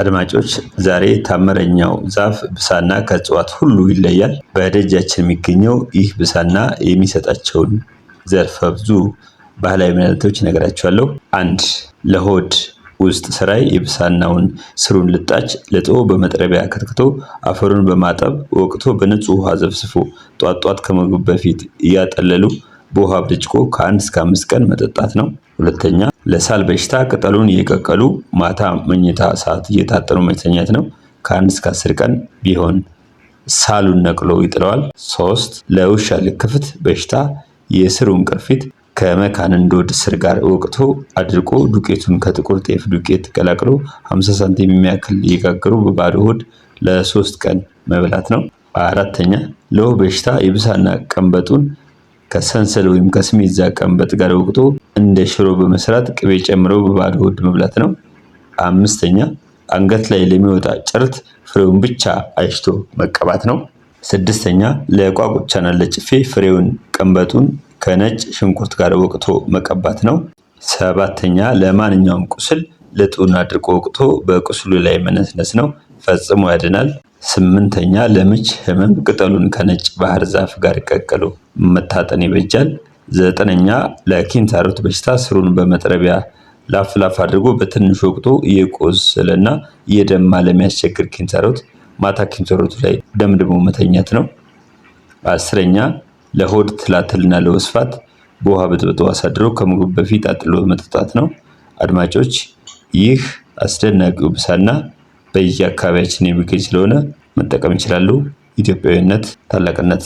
አድማጮች ዛሬ ታምረኛው ዛፍ ብሳና ከእጽዋት ሁሉ ይለያል። በደጃችን የሚገኘው ይህ ብሳና የሚሰጣቸውን ዘርፈ ብዙ ባህላዊ መድኃኒቶች እነግራችኋለሁ። አንድ ለሆድ ውስጥ ስራይ የብሳናውን ስሩን ልጣጭ ልጦ በመጥረቢያ ከትክቶ አፈሩን በማጠብ ወቅቶ በንጹህ ውሃ ዘፍስፎ ጧጧት ከመግብ በፊት እያጠለሉ በውሃ ብርጭቆ ከአንድ እስከ አምስት ቀን መጠጣት ነው። ሁለተኛ ለሳል በሽታ ቅጠሉን እየቀቀሉ ማታ መኝታ ሰዓት እየታጠኑ መተኛት ነው። ከአንድ እስከ አስር ቀን ቢሆን ሳሉን ነቅሎ ይጥለዋል። ሶስት ለውሻ ልክፍት በሽታ የስሩን ቅርፊት እንዶድ ስር ጋር ወቅቶ አድርቆ ዱቄቱን ከጥቁር ጤፍ ዱቄት ቀላቅሎ 50 ሳንቲም የሚያክል እየጋገሩ በባዶ ሆድ ለሶስት ቀን መብላት ነው። አራተኛ ለውህ በሽታ የብሳና ቀንበጡን ከሰንሰል ወይም ከስሚዛ ቀንበጥ ጋር ወቅቶ እንደ ሽሮ በመስራት ቅቤ ጨምሮ በባዶ ሆድ መብላት ነው። አምስተኛ አንገት ላይ ለሚወጣ ጭርት ፍሬውን ብቻ አይሽቶ መቀባት ነው። ስድስተኛ ለቋቁቻና ለጭፌ ፍሬውን ቀንበጡን ከነጭ ሽንኩርት ጋር ወቅቶ መቀባት ነው። ሰባተኛ ለማንኛውም ቁስል ልጡን አድርቆ ወቅቶ በቁስሉ ላይ መነስነስ ነው። ፈጽሞ ያድናል። ስምንተኛ ለምች ህመም ቅጠሉን ከነጭ ባህር ዛፍ ጋር ቀቅሎ መታጠን ይበጃል። ዘጠነኛ ለኪንታሮት በሽታ ስሩን በመጥረቢያ ላፍላፍ አድርጎ በትንሹ ወቅቶ እየቆሰለና እየደማ ለሚያስቸግር ኪንታሮት ማታ ኪንታሮቱ ላይ ደምድሞ መተኛት ነው። አስረኛ ለሆድ ትላትልና ለወስፋት በውሃ በጥብጦ አሳድሮ ከምግብ በፊት አጥሎ መጠጣት ነው። አድማጮች ይህ አስደናቂው ብሳና በየአካባቢያችን የሚገኝ ስለሆነ መጠቀም ይችላሉ። ኢትዮጵያዊነት ታላቅነት